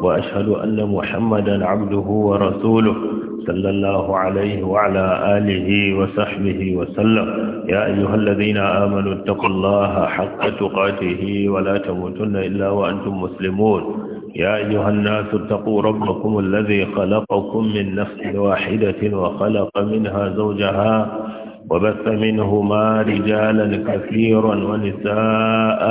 وأشهد أن محمدا عبده ورسوله صلى الله عليه وعلى آله وصحبه وسلم يا أيها الذين آمنوا اتقوا الله حق تقاته ولا تموتن إلا وأنتم مسلمون يا أيها الناس اتقوا ربكم الذي خلقكم من نفس واحدة وخلق منها زوجها وبث منهما رجالا كثيرا ونساء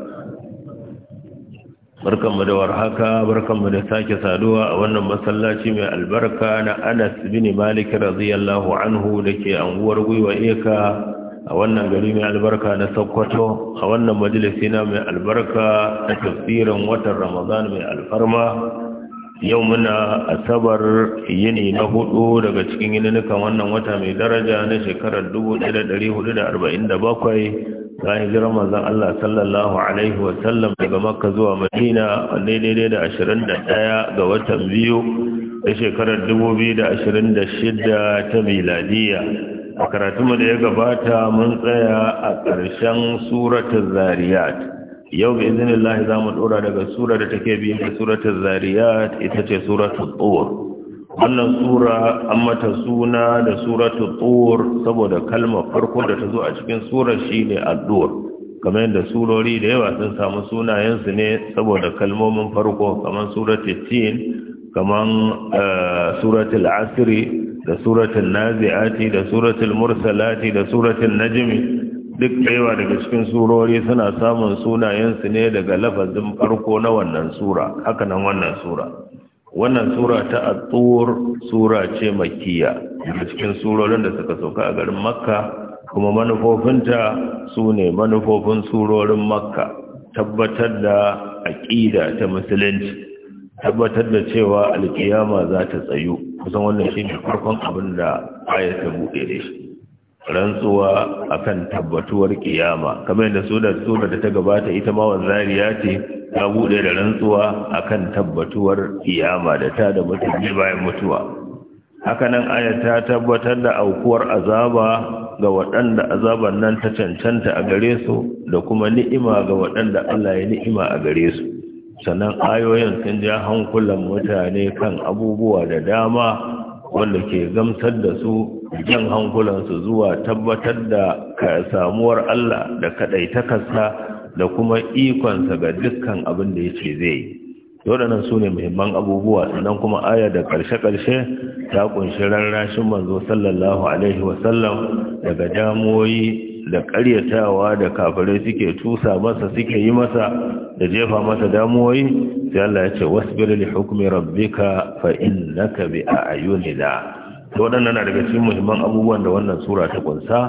barkanmu da warhaka barkanmu da sake saduwa a wannan masallaci mai albarka na Anas bin Malik radiyallahu anhu dake anguwar Guiwa Eka a wannan gari mai albarka na Sokoto a wannan majalisi na mai albarka na tafsirin watan Ramadan mai alfarma yau muna asabar yini na hudu daga cikin yininukan wannan wata mai daraja na shekarar 1447 bayan jiran mazan Allah sallallahu alaihi wasallam daga Makka zuwa Madina a daidai da 21 ga watan biyu da shekarar 2026 ta miladiya a karatunmu da ya gabata mun tsaya a ƙarshen suratun zariyat yau bi za mu ɗora daga surar da take biyu da suratun zariyat ita ce suratun tsohon wannan sura an mata suna da suratu tur saboda kalma farko da ta zo a cikin surar shine ad-dur kamar yadda surori da yawa sun samu sunayensu ne saboda kalmomin farko kamar suratul tin kamar eh, suratul asr da suratul nazi'ati da suratul mursalati da suratul najm duk yawa daga cikin surori suna samun sunayensu ne daga lafazin farko na wannan sura haka nan wannan sura wannan sura ta at-tur sura ce makkiya daga cikin surorin da suka sauka a garin makka kuma manufofinta su ne manufofin surorin makka tabbatar da aƙida ta musulunci tabbatar da cewa alkiyama za ta tsayu kusan wannan shi ne farkon abin da aya ta buɗe da shi rantsuwa akan tabbatuwar kiyama kamar da surar da ta gabata ita ma Zariya ce ta bude da rantsuwa akan tabbatuwar kiyama da ta da mutane bayan mutuwa hakanan aya ta tabbatar da aukuwar azaba ga waɗanda azaban nan ta cancanta a gare su da kuma ni'ima ga waɗanda Allah ya ni'ima a gare su sannan ayoyin sun ja hankulan mutane kan abubuwa da dama wanda ke gamsar da su jan hankulansu zuwa tabbatar da samuwar Allah da kaɗaitakarsa da kuma ikonsa ga dukkan abin da ya ce zai yi waɗannan su ne muhimman abubuwa sannan kuma aya da ƙarshe-ƙarshe ta ƙunshi rarrashin manzo sallallahu alaihi wasallam daga damoyi da ƙaryatawa da kafirai suke tusa masa suke yi masa da jefa masa damuwoyi sai Allah ya ce wasbir li hukmi rabbika fa innaka bi a'yunina to waɗannan na daga cikin muhimman abubuwan da wannan sura ta kunsa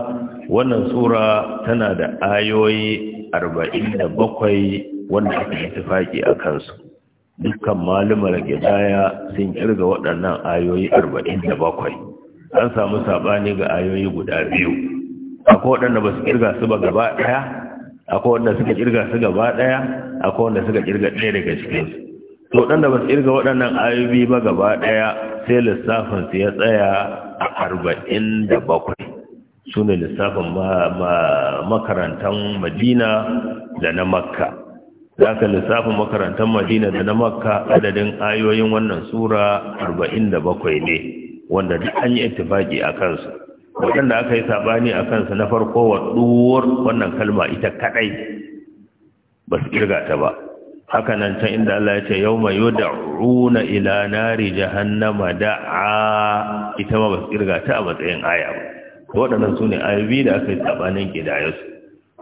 wannan sura tana da ayoyi 47 wanda aka yi tafaki a kansu dukkan malumar gidaya sun kirga waɗannan ayoyi 47 an samu saɓani ga ayoyi guda biyu akwai waɗanda ba su kirga su ba gaba ɗaya akwai wanda suka kirga su gaba ɗaya akwai wanda suka kirga ɗaya daga cikinsu to dan da basu irga waɗannan ayoyi ba gaba ɗaya, sai lissafin su ya tsaya a arba'in da bakwai. Su ne lissafin makarantar Madina da na Makka za ka lissafin makarantar madina da na makka adadin ayoyin wannan sura arba'in da bakwai ne wanda duk an yi ittifaki a kansu waɗanda aka yi saɓani a kansu na farko wa wannan kalma ita kaɗai ba su kirga ta ba haka nan ta inda Allah ya ce yau mai yud'una ila nari jahannama da'a ita ma ba su kirga ta a matsayin aya ba waɗannan su ne da aka yi tsabanin su.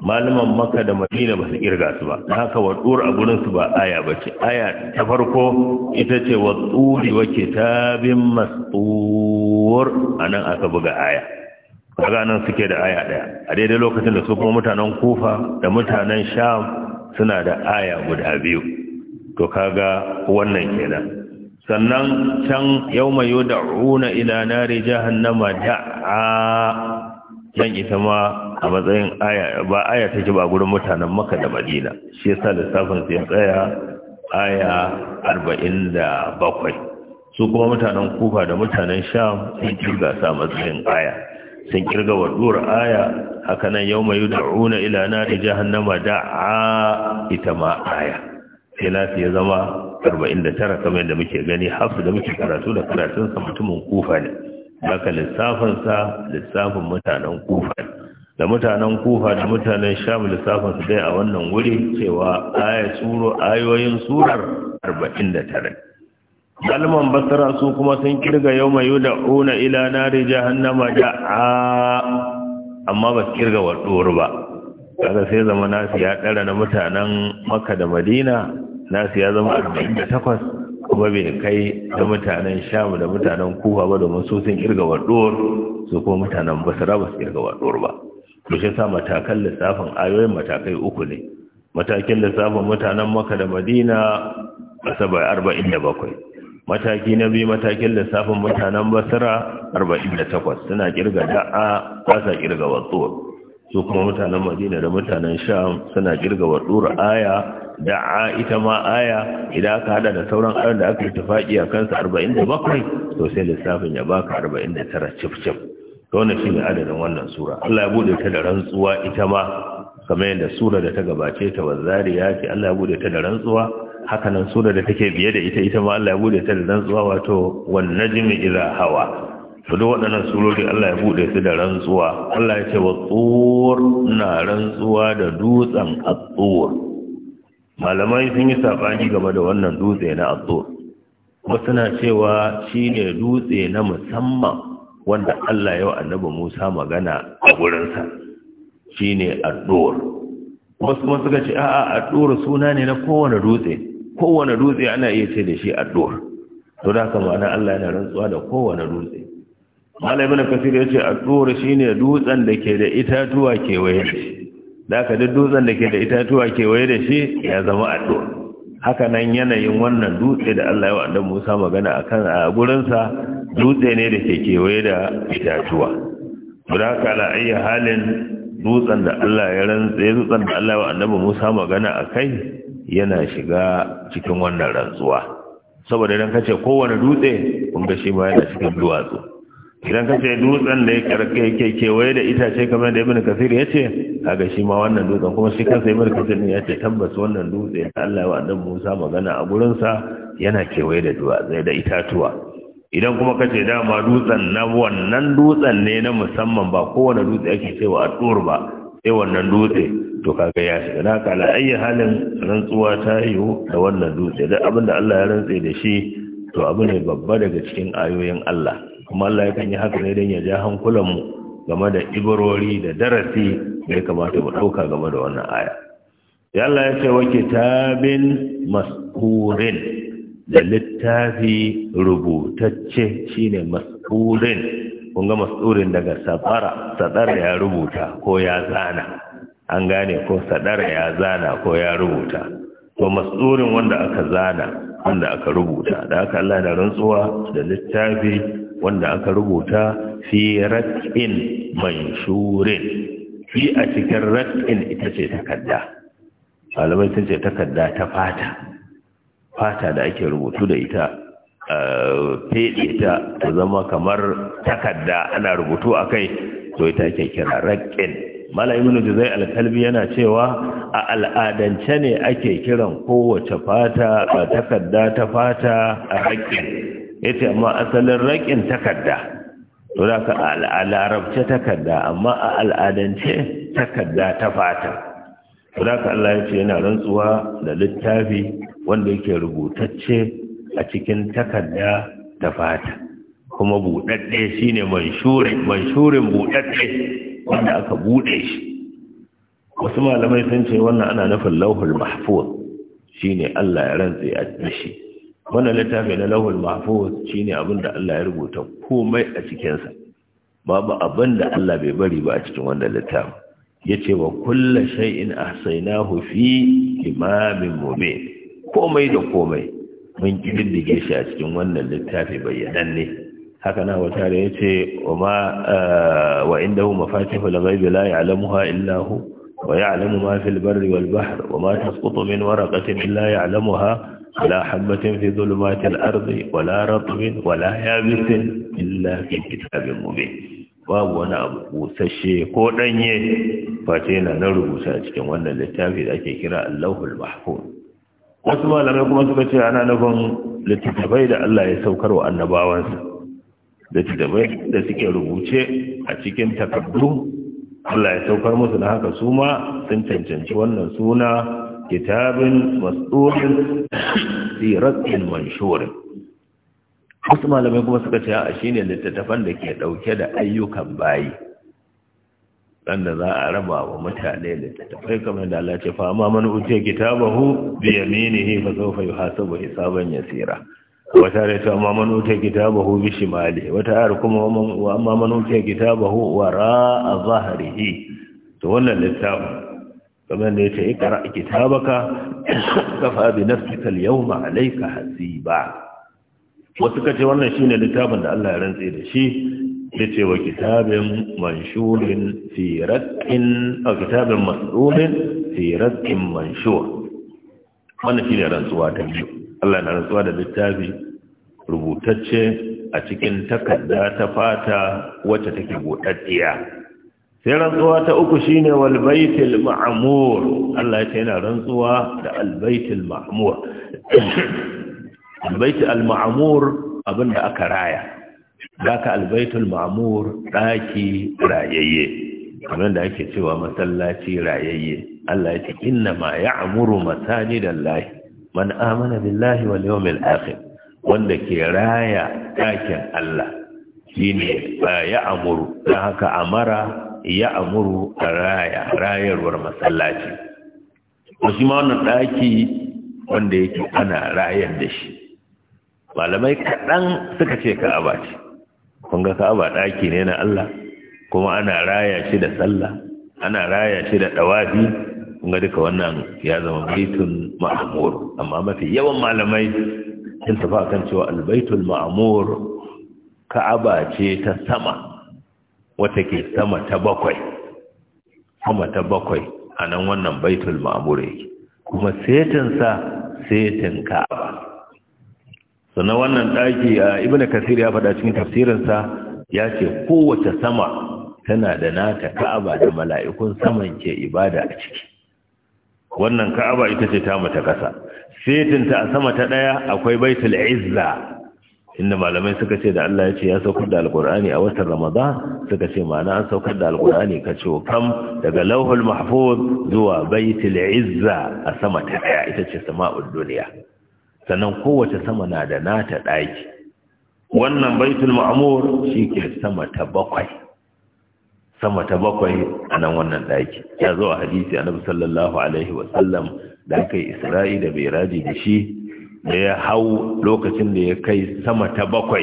malaman maka da madina ba su kirga su ba na haka wa tsura a gurin ba aya ba ce aya ta farko ita ce wa tsuri wa kitabin a anan aka buga aya kaga nan suke da aya ɗaya. a daidai lokacin da su kuma mutanen kufa da mutanen sham suna da aya guda biyu to kaga wannan kenan sannan can yau da 'una ila nari jahannama a Yan ita ma a matsayin aya ba aya ta ba gudun mutanen Makka da Madina shi ya sa lissafin sai tsaya aya arba'in da bakwai, su kuma mutanen Kufa da mutanen sha sun ci gasa matsayin aya sun kirga waduwar aya haka nan yau mai ilana da nari jahannama da'a ita ma aya sai ya zama 49 kamar yadda muke gani hafsu da muke karatu da karatun sa mutumin kufa ne haka lissafin sa lissafin mutanen kufa ne da mutanen kufa da mutanen sham lissafin su dai a wannan wuri cewa aya suro ayoyin surar 49 kalman basara su kuma sun kirga yau mai yuda una ila nari jahannama da a amma ba su kirga waɗuwar ba kaga sai zama nasu ya ɗara na mutanen maka da madina nasu ya zama arba'in da takwas kuma bai kai da mutanen Shamu da mutanen kuwa ba domin su sun kirga waɗuwar su kuma mutanen basara ba su kirga waɗuwar ba to shi sa matakan lissafin ayoyin matakai uku ne matakin lissafin mutanen maka da madina a saba'in arba'in da bakwai mataki na biyu matakin lissafin mutanen basira 48 suna kirga da'a ba sa kirga watsuwar su kuma mutanen madina da mutanen sham suna kirga watsuwar aya da'a ita ma aya idan aka hada da sauran ayon da aka yi tufaƙi a kansa 47 to sai lissafin ya baka 49 cif cif ta wani shi ne adadin wannan sura allah ya bude ta da rantsuwa ita ma kamar yadda sura da ta gabace ta wazzariya ce allah ya bude ta da rantsuwa hakanan sura da take biye da ita ita ma Allah ya bude ta da rantsuwa wato wan najmi ila hawa to duk waɗannan surori Allah ya bude su da rantsuwa Allah ya ce wa tsur na rantsuwa da dutsen at malamai sun yi sabani game da wannan dutse na at wasu na cewa shine dutse na musamman wanda Allah ya wa annabi Musa magana a sa shine at wasu kuma suka ce a'a a suna ne na kowane dutse kowane dutse ana iya ce da shi addu'a to da kama na Allah yana rantsuwa da kowane dutse malam ibn kasir ya ce addu'a shine dutsen da ke da itatuwa kewaye da shi da ka duk dutsen da ke da itatuwa kewaye da shi ya zama addu'a haka nan yanayin wannan dutse da Allah ya wa annabi Musa magana akan a gurinsa dutse ne da ke kewaye da itatuwa to da ka la ayyi halin dutsen da Allah ya rantsa dutsen da Allah ya wa annabi Musa magana akai yana shiga cikin wannan rantsuwa saboda idan kace kowane dutse kun ga shi ma yana cikin duwatsu idan kace dutsen da ya karke yake kewaye da itace kamar da Ibn Kathir yace ce kaga shi ma wannan dutsen kuma shi kansa ibnu kasir ne yace tabbas wannan dutse da Allah ya annabi Musa magana a gurin sa yana kewaye da duwatsu da itatuwa idan kuma kace dama dutsen na wannan dutsen ne na musamman ba kowane dutse ake cewa a ba sai wannan dutse to kaga ya shiga na kala halin rantsuwa ta yiwu da wannan dutse da abin da Allah ya rantse da shi to abu ne babba daga cikin ayoyin Allah kuma Allah ya kanyi haka ne don ya ja hankulan mu game da ibarori da darasi da ya kamata mu ɗauka game da wannan aya ya Allah ya ce wa kitabin maskurin da littafi rubutacce shine maskurin kun ga mas'urin daga sadara sadara ya rubuta ko ya zana an gane ko sadara ya zana ko ya rubuta to mas'urin wanda aka zana wanda aka rubuta da aka Allah da rantsuwa da littafi wanda aka rubuta fi rakin manshurin fi a cikin rak'in ita ce takarda malamai sun ce takarda ta fata fata da ake rubutu da ita fede ta ta zama kamar takarda ana rubutu a kai to ita ake kira raƙin malamin zai alkalbi yana cewa a al'adance ne ake kiran kowace fata a takarda ta fata a raƙin ita amma asalin raƙin takarda to da ka al'arabce takarda amma a al'adance takarda ta fata to da ka Allah ya ce yana rantsuwa da littafi wanda yake rubutacce a cikin takarda ta fata kuma buɗaɗɗe shine manshurin manshurin buɗaɗɗe wanda aka buɗe shi wasu malamai sun ce wannan ana nufin lauhul mahfuz shine Allah ya rantse a dashi wannan littafi na lauhul mahfuz shine abin da Allah ya rubuta komai a cikinsa. sa babu abin da Allah bai bari ba a cikin wannan littafi yace wa kullu shay'in ahsaynahu fi imamin mumin komai da komai mun kididdige shi a cikin wannan littafi bayyananne haka na wata da ya ce wa eh, inda hu mafatihu lagaibi la ya'lamuha illa hu wa ya'lamu ma fil barri wal wa ma tasqutu min waraqatin illa ya'lamuha la habatin fi dhulumati ardi wa la ratbin wa la yabisin illa fi kitabin mubin babu wani abu busasshe ko danye face na na rubuta cikin wannan littafi da ake kira Allahul Mahfuz wasu malamai kuma suka ce ana nufin littattafai da Allah ya saukar wa annabawansa littattafai da suke rubuce a cikin takardu Allah ya saukar musu na haka su ma sun cancanci wannan suna kitabin masdurin siratin manshurin wasu malamai kuma suka ce a shine littattafan da ke dauke da ayyukan bayi ran da za a raba wa mutane littattafai kamar da Allah ce fa amma man utiya kitabahu bi yaminihi fa sawfa yuhasabu hisaban yasira wata tare ta amma man utiya kitabahu bi shimali wata tare kuma wa amma man utiya kitabahu wara zahrihi to wannan littafin kamar da yace ikra kitabaka kafa bi nafsika alyawma alayka hasiba wasu kace wannan shine littafin da Allah ya rantse da shi ce wa kitabin manshurin fi ratqin aw kitabin masdurin fi ratqin manshur wannan shine rantsuwa ta biyu Allah na rantsuwa da littafi rubutacce a cikin takarda ta fata wacce take buɗaɗɗiya. sai rantsuwa ta uku shine wal baitil ma'mur Allah ce yana rantsuwa da al baitil ma'mur al abinda aka raya zaka albaitul ma'mur daki rayayye kamar da ake cewa masallaci rayayye Allah ya ce inna ma ya'muru masajidallahi man amana billahi wal yawmil akhir wanda ke raya dakin Allah shine ya amuru don haka amara ya amuru a raya rayarwar masallaci wasu ma wannan ɗaki wanda yake ana rayar da shi malamai kaɗan suka ce ka abaci. kun ga ka'aba ɗaki ne na Allah kuma ana raya shi da sallah ana raya shi da ɗawafi kun ga duka wannan ya zama baitul ma'amur amma mafi yawan malamai sun tafi kan cewa albaitul ma'amur ka'aba ce ta sama wata ke sama ta bakwai sama ta bakwai anan wannan baitul ma'amur yake kuma sa setin ka'aba sannan wannan ɗaki a ibn kasir ya faɗa cikin tafsirinsa ya ce kowace sama tana da nata ka'aba da mala'ikun saman ke ibada a ciki wannan ka'aba ita ce ta mata ƙasa setinta a sama ta ɗaya akwai baitul izza inda malamai suka ce da Allah ya ce ya saukar da alkur'ani a watan ramadan suka ce ma'ana an saukar da alkur'ani ka ce kam daga lauhul mahfuz zuwa baitul izza a sama ta ɗaya ita ce sama'ud duniya sannan kowace sama na da nata ɗaki wannan baitul ma'amur shi ke sama ta bakwai sama ta bakwai a nan wannan ɗaki ya zo a hadisi a nabi sallallahu alaihi wasallam da aka yi isra'i da bai raji da shi da ya hau lokacin da ya kai sama ta bakwai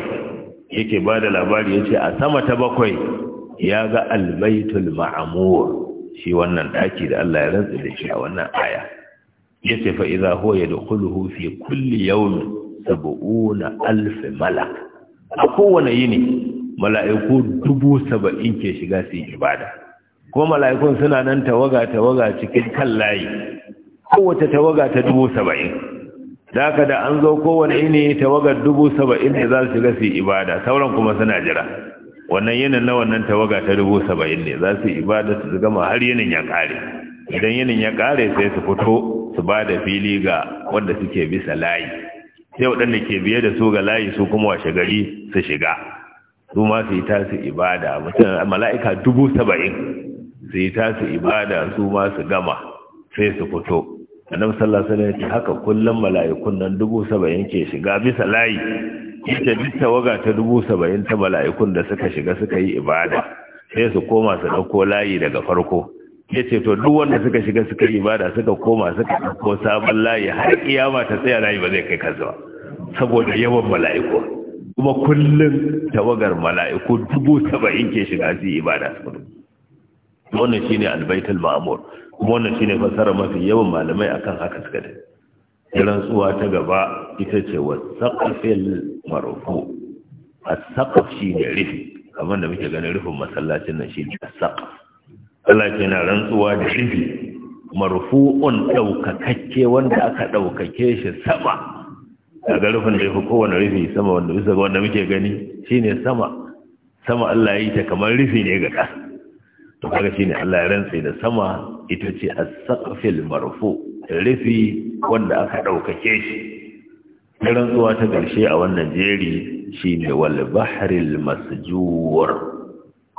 yake ba da labari ya ce a sama ta bakwai ya ga albaitul ma'amur shi wannan ɗaki da Allah ya rantsa da shi a wannan aya yace fa iza huwa yadkhuluhu fi kulli yawmin sab'una alf malak a kowane yini mala'iku dubu saba'in ke shiga su ibada ko mala'ikun suna nan tawaga tawaga cikin kan layi kowace tawaga ta dubu saba'in da aka da an zo kowane yini tawaga dubu saba'in ne za su shiga su ibada sauran kuma suna jira wannan yinin na wannan tawaga ta dubu saba'in ne za su ibada su gama har yinin ya kare idan yinin ya kare sai su fito su ba da fili ga wanda suke bisa layi sai waɗanda ke biye da su ga layi su kuma washe gari su shiga su ma su yi tasu ibada mutum mala'ika dubu saba'in su yi tasu ibada su ma su gama sai su fito annabi sallallahu alaihi wasallam haka kullum mala'ikun nan dubu saba'in ke shiga bisa layi ita duk tawaga ta dubu saba'in ta mala'ikun da suka shiga suka yi ibada sai su koma su ɗauko layi daga farko ya ce to duk wanda suka shiga suka ibada suka koma suka ɗauko sabon layi har kiyama ta tsaya layi ba zai kai kansa ba saboda yawan mala'iku kuma kullum tawagar mala'iku dubu saba'in ke shiga su ibada su kudu wannan shine albaitul ma'amur kuma wannan shine fasara mafi yawan malamai akan haka suka da irin tsuwa ta gaba ita ce wa saqafil shine rufi kamar da muke ganin rufin masallacin nan shi ne a saqaf Allah ke na rantsuwa da shi marfu'un ɗaukakakke wanda aka ɗaukake shi sama A garfin da yafi kowane rufi sama wanda bisa ga wanda muke gani shine sama sama Allah ya yi ta kamar rufi ne ga ƙasa to kaga shine Allah ya rantsi da sama ita ce as-saqfil marfu rufi wanda aka ɗaukake shi rantsuwa ta ƙarshe a wannan jeri shine wal bahril masjur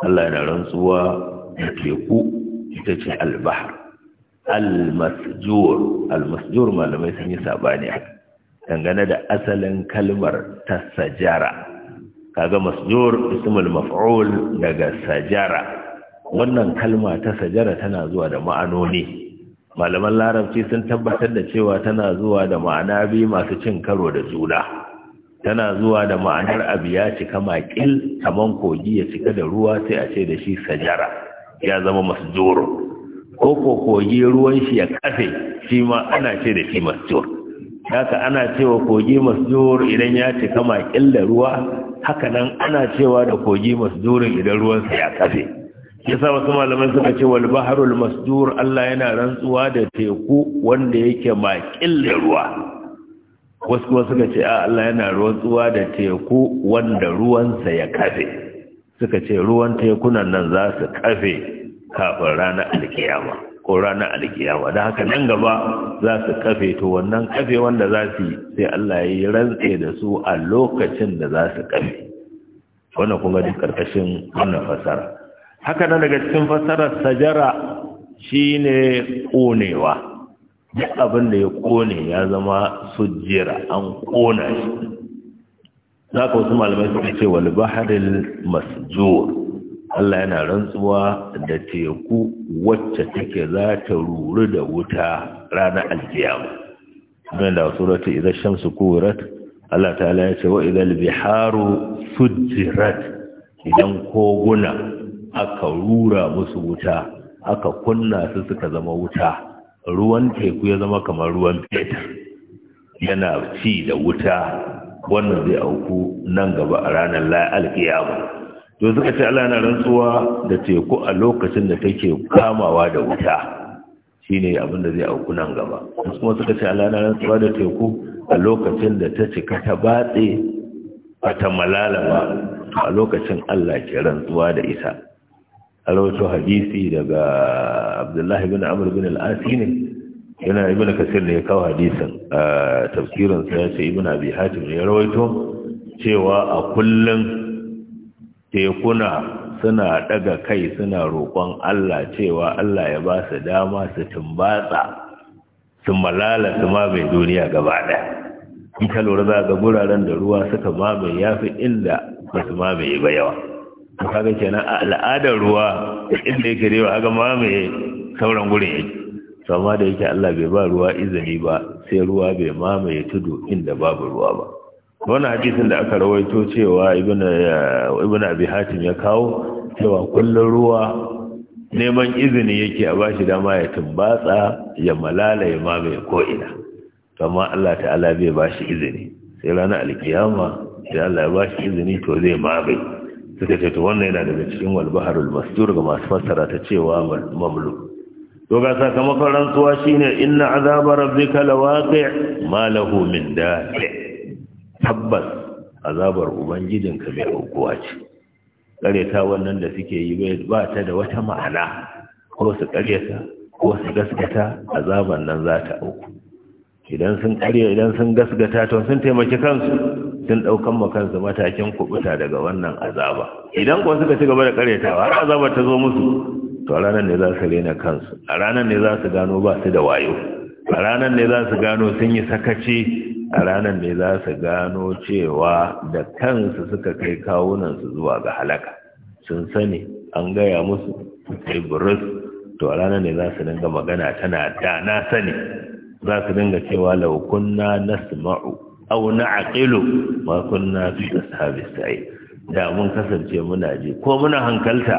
Allah yana rantsuwa teku ita ce albahar almasjur almasjur malamai sun yi sabani dangane da asalin kalmar ta sajara kaga masjur ismul maf'ul daga sajara wannan kalma ta sajara tana zuwa da ma'anoni malaman larabci sun tabbatar da cewa tana zuwa da ma'ana biyu masu cin karo da juna tana zuwa da ma'anar abu ya cika makil kaman kogi ya cika da ruwa sai a ce da shi sajara ya zama masjur ko ko kogi ruwan shi ya kafe shi ma ana ce da shi masjur haka ana cewa kogi masjur idan ya cika kama da ruwa haka nan ana cewa da kogi masjurin idan ruwansa ya kafe yasa wasu malaman suka ce wal baharul masjur Allah yana rantsuwa da teku wanda yake ma da ruwa wasu suka ce a Allah yana rantsuwa da teku wanda ruwansa ya kafe suka ce ruwan tekunan nan za su kafe kafin ranar alkiyama ko ranar alkiyama da haka nan gaba za su kafe to wannan kafe wanda za su sai Allah ya yi rantse da su a lokacin da za su kafe wanda kuma duk karkashin wannan fasara haka nan daga cikin fasarar sajara shine ƙonewa. duk abin da ya ƙone ya zama sujjera an ƙona shi za ka wasu malamai suka ce wal baharil masjur Allah yana rantsuwa da teku wacce take za ta ruru da wuta ranar alkiyama kuma da suratu idan shamsu kuwirat Allah ta'ala ya ce wa idan biharu sujirat idan koguna aka rura musu wuta aka kunna su suka zama wuta ruwan teku ya zama kamar ruwan fetur yana ci da wuta wannan zai auku nan gaba a ranar alkiyama to suka ce Allah na rantsuwa da teku a lokacin da take kamawa da wuta shine abin da zai auku nan gaba kuma suka ce Allah na rantsuwa da teku a lokacin da ta cika ta batse ta To a lokacin Allah ke rantsuwa da ita a hadisi daga Abdullahi bin Amr bin al ne. yana ibn kasir ne ya kawo hadisin a tafsirin sa yace ibn abi hatim ya rawaito cewa a kullun tekuna suna daga kai suna roƙon Allah cewa Allah ya ba su dama su tumbatsa su malala su mamaye duniya gaba ɗaya in ka lura za ga guraren da ruwa suka mamaye yafi inda ba su mamaye ba yawa kaga kenan al'adar ruwa inda yake rewa aga mamaye sauran gurin yake sama da yake Allah bai ba ruwa izini ba sai ruwa bai mamaye tudu inda babu ruwa ba wannan hadisin da aka rawaito cewa ibn eh, abi hatim ya kawo cewa kullun ruwa neman izini yake a bashi dama ya tumbatsa ya malala ya mamaye ko'ina amma Allah ta'ala bai bashi izini sai ranar alkiyama da Allah ya bashi izini to zai mamaye suka ce to wannan yana daga cikin walbaharul mastur ga masu fassara ta cewa mamluk to ga sakamakon rantsuwa shine inna azaba rabbika lawaqi ma lahu min dafi tabbas azabar ubangijinka mai aukuwa ce kareta wannan da suke yi ba ta da wata ma'ana ko su kareta ko su gaskata azaban nan za ta auku idan sun karya idan sun gaskata to sun taimaki kansu sun daukan ma kansu matakin kubuta daga wannan azaba idan ko suka ci gaba da karyatawa har azabar ta zo musu to a ranar ne za su rena kansu a ranar ne za su gano ba su da wayo a ranar ne za su gano sun yi sakaci a ranar ne za su gano cewa da kansu suka kai kawunansu zuwa ga halaka sun sani an gaya musu sai burus to a ranar ne za su dinga magana tana da na sani za su dinga cewa laukunna na nasma'u na aƙilu, ma kunna fi ashabis sa'i da mun kasance muna ji ko muna hankalta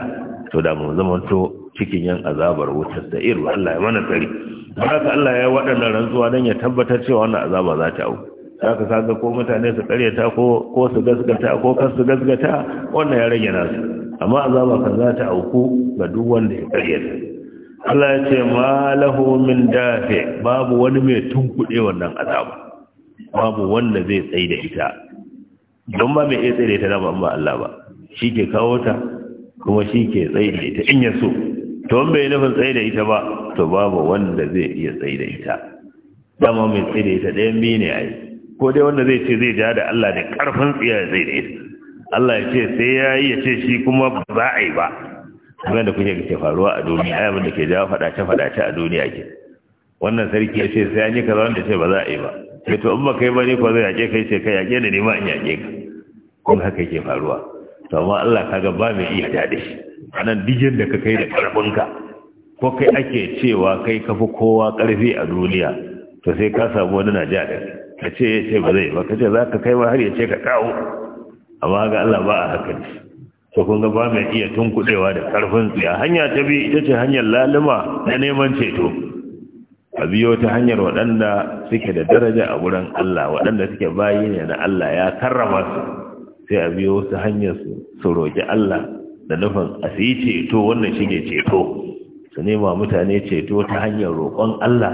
to da mun zama zamanto cikin yan azabar wutar da iru Allah ya mana tsari ka Allah ya waɗannan rantsuwa don ya tabbatar cewa wannan azaba za ta Za ka saka ko mutane su karyata ko ko su gasgata ko kan su gasgata wannan ya rage nasu amma azaba kan za ta auku ga duk wanda ya karyata Allah ya ce ma lahu min dafi babu wani mai tunkuɗe wannan azaba babu wanda zai tsai da ita don ba mai iya tsaye da ita da ba Allah ba shi ke kawo ta kuma shi ke tsaye da ita in ya to in bai nufin tsaye da ita ba to babu wanda zai iya tsaye da ita dama mai tsaye da ita ɗayan biyu ne a yi ko dai wanda zai ce zai ja da Allah da ƙarfin tsiya da tsaye da ita Allah ya ce sai ya yi ya ce shi kuma ba za a yi ba Kuma da kuke ke faruwa a duniya ai abin da ke jawo faɗace-faɗace a duniya ke wannan sarki ya ce sai an yi kaza wanda ce ba za a yi ba sai to in ba kai ba ne ko zai yaƙe kai ce kai yaƙe da nema in yaƙe ka kun haka ke faruwa to amma Allah kaga ba mai iya daɗe shi a nan da ka kai da ƙarfinka ko kai ake cewa kai ka fi kowa ƙarfi a duniya to sai ka samu wani na ja ka ce ya ce ba zai ba ka ce za ka kai ma har ya ce ka kawo amma ga Allah ba a haka ne to kun ga ba mai iya tunkuɗewa da ƙarfin tsiya hanya ta biyu ita ce hanyar laluma na neman ceto a biyo ta hanyar waɗanda suke da daraja a wurin Allah waɗanda suke bayi ne na Allah ya karrama su sai a biyo su hanyar su roƙi Allah da nufin a su yi ceto wannan shi ne ceto su nema mutane ceto ta hanyar roƙon Allah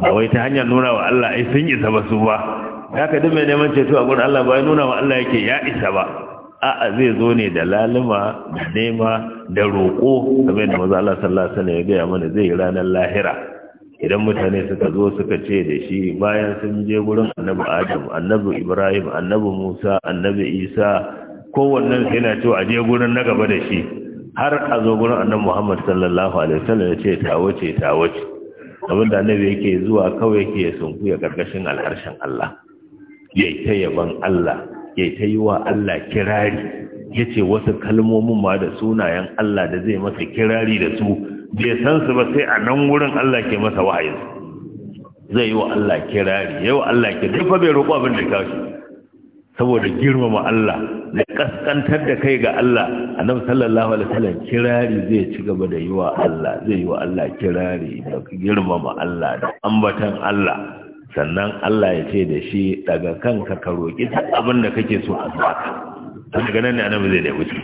ba wai ta hanyar nuna wa Allah ai sun isa ba su ba ya ka duk neman ceto a gurin Allah ba ya nuna wa Allah yake ya isa ba a'a zai zo ne da lalima da nema da roƙo kamar da maza Allah sallallahu alaihi ya gaya mana zai yi ranar lahira idan mutane suka zo suka ce da shi bayan sun je gurin annabi Adam annabi Ibrahim annabi Musa annabi Isa kowannen sai na cewa aje gurin na gaba da shi har a zo gurin annabi Muhammad sallallahu alaihi wasallam ya ce ta wuce ta wuce abin da annabi yake zuwa kawai yake ya karkashin alharshen Allah yayi ta yaban Allah yayi ta yi wa Allah kirari ya ce wasu kalmomin ma da sunayen Allah da zai masa kirari da su bai san su ba sai a nan wurin Allah ke masa wahayi zai yi wa Allah kirari yau wa Allah kirari fa bai roƙo abin da kashi saboda girmama Allah da kaskantar da kai ga Allah annabi sallallahu alaihi wasallam kirari zai ci gaba da yiwa Allah zai yiwa wa Allah kirari da girmama Allah da ambatan Allah sannan Allah ya ce da shi daga kanka ka roki duk abin da kake so a baka to daga nan ne annabi zai nemi wuce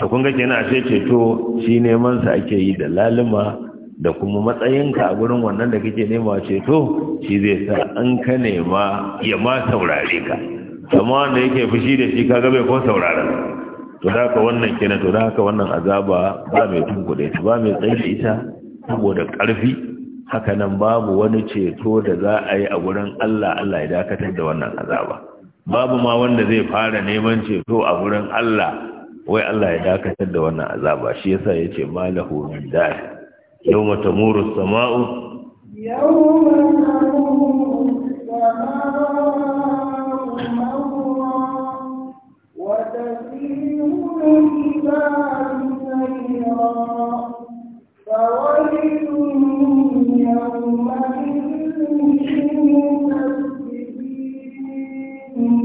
to kun ga kenan ce, ceto shi neman sa ake yi da lalima da kuma matsayinka a gurin wannan da kake nema ceto shi zai sa an ka nema ya ma saurare ka amma wanda yake fushi da shi kaga bai kon saurara to da haka wannan kenan to da haka wannan azaba ba mai tunkuɗe ta ba mai da ita saboda ƙarfi haka nan babu wani ceto da za a yi a gurin Allah Allah ya dakatar da wannan azaba babu ma wanda zai fara neman ceto a gurin Allah wai Allah ya dakatar da wannan azaba shi yasa yace malahu min dar yawma tamuru as-sama'u yawma tamuru as-sama'u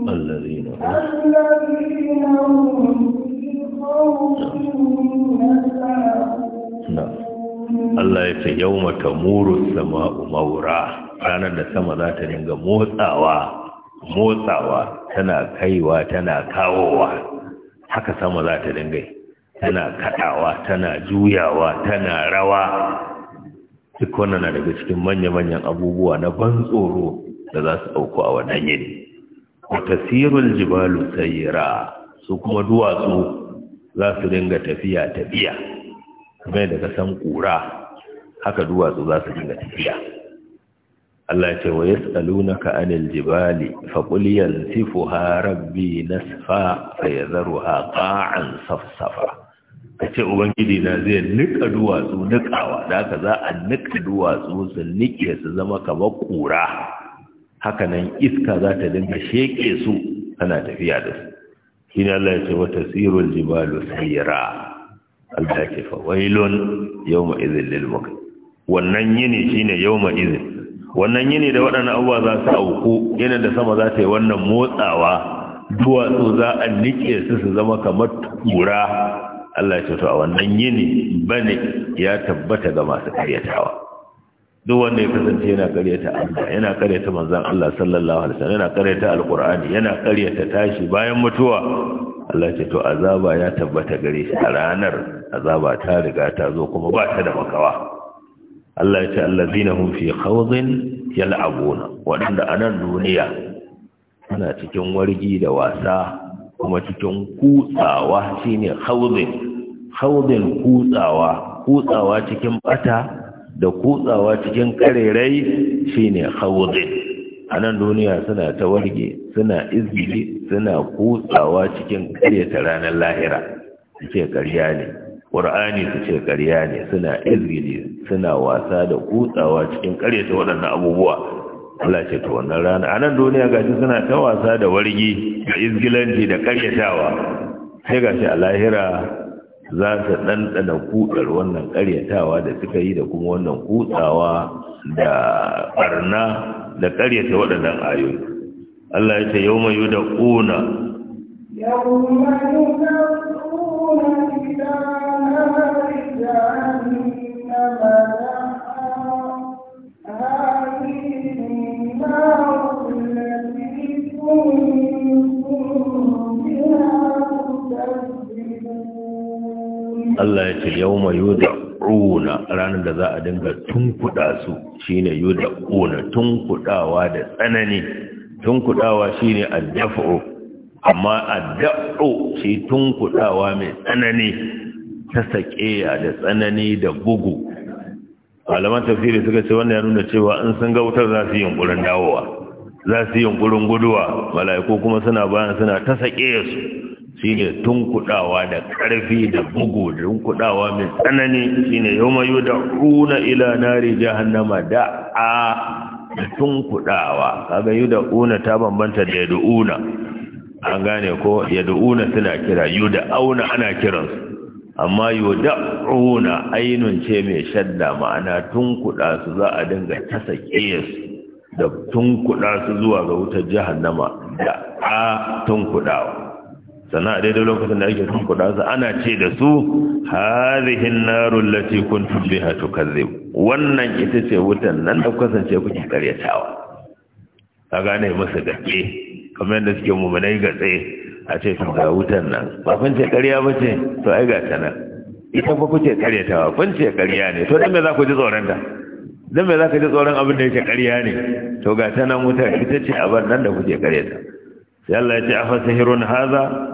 الذين هم Allah ya ce yau mata muru sama umaura ranar da sama za ta ringa motsawa motsawa tana kaiwa tana kawowa haka sama za ta ringa tana kaɗawa tana juyawa tana rawa duk wannan na daga cikin manya-manyan abubuwa na ban tsoro da za su ɗauko a wannan yini wa tasirul jibalu sayira su kuma duwatsu za su dinga tafiya tafiya kuma daga san kura haka duwatsu za su dinga tafiya Allah ce wa yas'alunaka anil jibali fa qul yansifuha rabbi nasfa fa yadharuha qa'an safsafa a ce ubangiji na zai nika duwatsu nikawa da haka za a nika duwatsu su nike su zama kamar kura haka nan iska za ta dinga sheke su ana tafiya da su shi ne Allah ya ce wata sirul jibalu sayira Allah ya ce fa wailun yawma idhil lil wannan yini shine yawma idhil wannan yini da waɗannan abuwa za su auku yana da sama za ta yi wannan motsawa duwatsu za a nike su su zama kamar kura Allah ya to a wannan yini bane ya tabbata ga masu karyatawa duk wanda ya kasance yana karyata Allah yana karyata manzon Allah sallallahu alaihi wasallam yana karyata alqur'ani yana karyata tashi bayan mutuwa Allah ya to azaba ya tabbata gare shi a ranar azaba ta riga ta zo kuma ba ta da makawa Allah ya ce allazina hum fi khawdin yal'abuna wadanda anan duniya suna cikin wargi da wasa kuma cikin kutsawa shine khawdin khawdin kutsawa kutsawa cikin bata da kutsawa cikin karerai shine khawdin anan duniya suna ta warge suna izgili suna kutsawa cikin ta ranar lahira suke karya ne ƙur'ani su ce ƙarya ne suna izgili suna wasa da kutsawa cikin ta waɗannan abubuwa Allah ce to wannan rana a nan duniya gashi suna ta wasa da wargi da izgilanci da karyatawa sai gashi a lahira za ta dandana kuɗar wannan karyatawa da suka yi da kuma wannan kutsawa da ɓarna da karyata waɗannan ayoyi Allah ya ce yau mai Yawma da ƙuna يوم Allah ya ce yau ma yuda'una ranar da za a dinga tunkuɗa su shine yuda'una tunkuɗawa da tsanani tunkuɗawa shine dafa’o, amma adda'u shi tunkuɗawa mai tsanani ta saƙeya da tsanani da bugu alaman tafsiri suka ce wannan ya nuna cewa in sun ga wutar za su yi yunkurin dawowa za su yi yunkurin guduwa mala'iku kuma suna bayan suna ta sake su shine tunkudawa da karfi da bugu da tunkudawa mai tsanani shine da yud'una ila nari jahannama da a tunkudawa kaga yud'una ta bambanta da yad'una an gane ko yad'una suna kira Auna ana kiransu amma yud'una ainihin ce mai shadda ma'ana kuɗa su za a dinga tasa su da kuɗa su zuwa ga wutar Nama da a tunkudawa sana a daidai lokacin da ake kuɗa su ana ce da su harihin narun lati kuntum biha tukazzib wannan ita ce wutan nan da kasance kuke karyatawa ka gane masa gaske kamar yadda suke mumunai gatse a ce to ga wutan nan ba kun ce ƙarya ba ce to ai ga ta nan ita ba kuce ƙaryatawa kun ce ƙarya ne to dan me za ku ji tsoron ta dan me za ka ji tsoron abin da yake ƙarya ne to ga ta nan wutar ita ce a bar nan da kuce ƙaryata sai Allah ya ce afa sihirun haza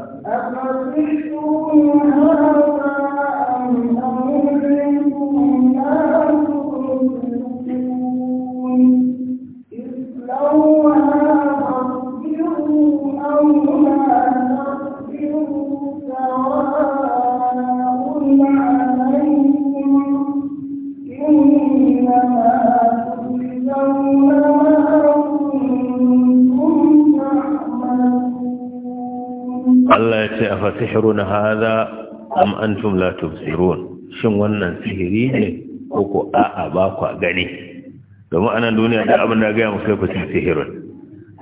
Oh, sai a na haza am antum la tubsirun shin wannan sihiri ne ko ko a ba ku gani domin anan duniya da abin da ga ya musu ku ci